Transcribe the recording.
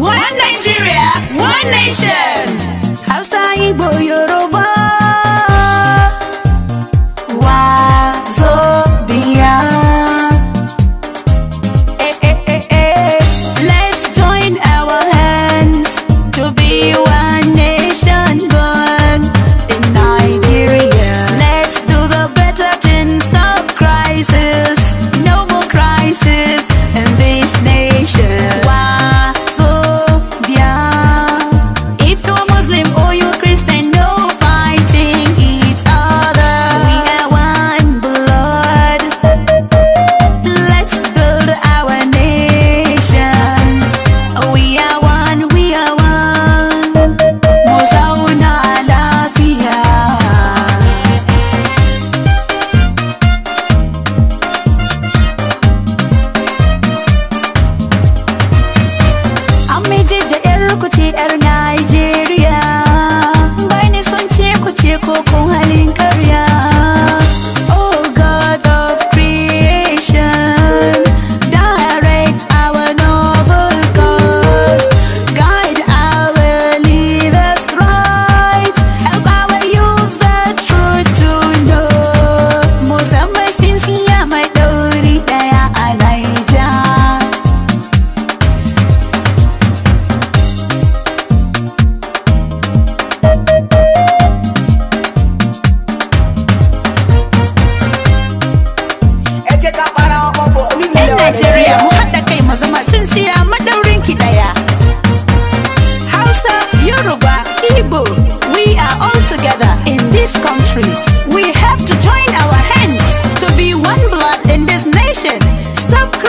One Nigeria, one nation. Hausa, Igbo, Yoruba. zuciya madaurin ki daya hausa yoruba igbo we are all together in this country we have to join our hands to be one blood in this nation Stop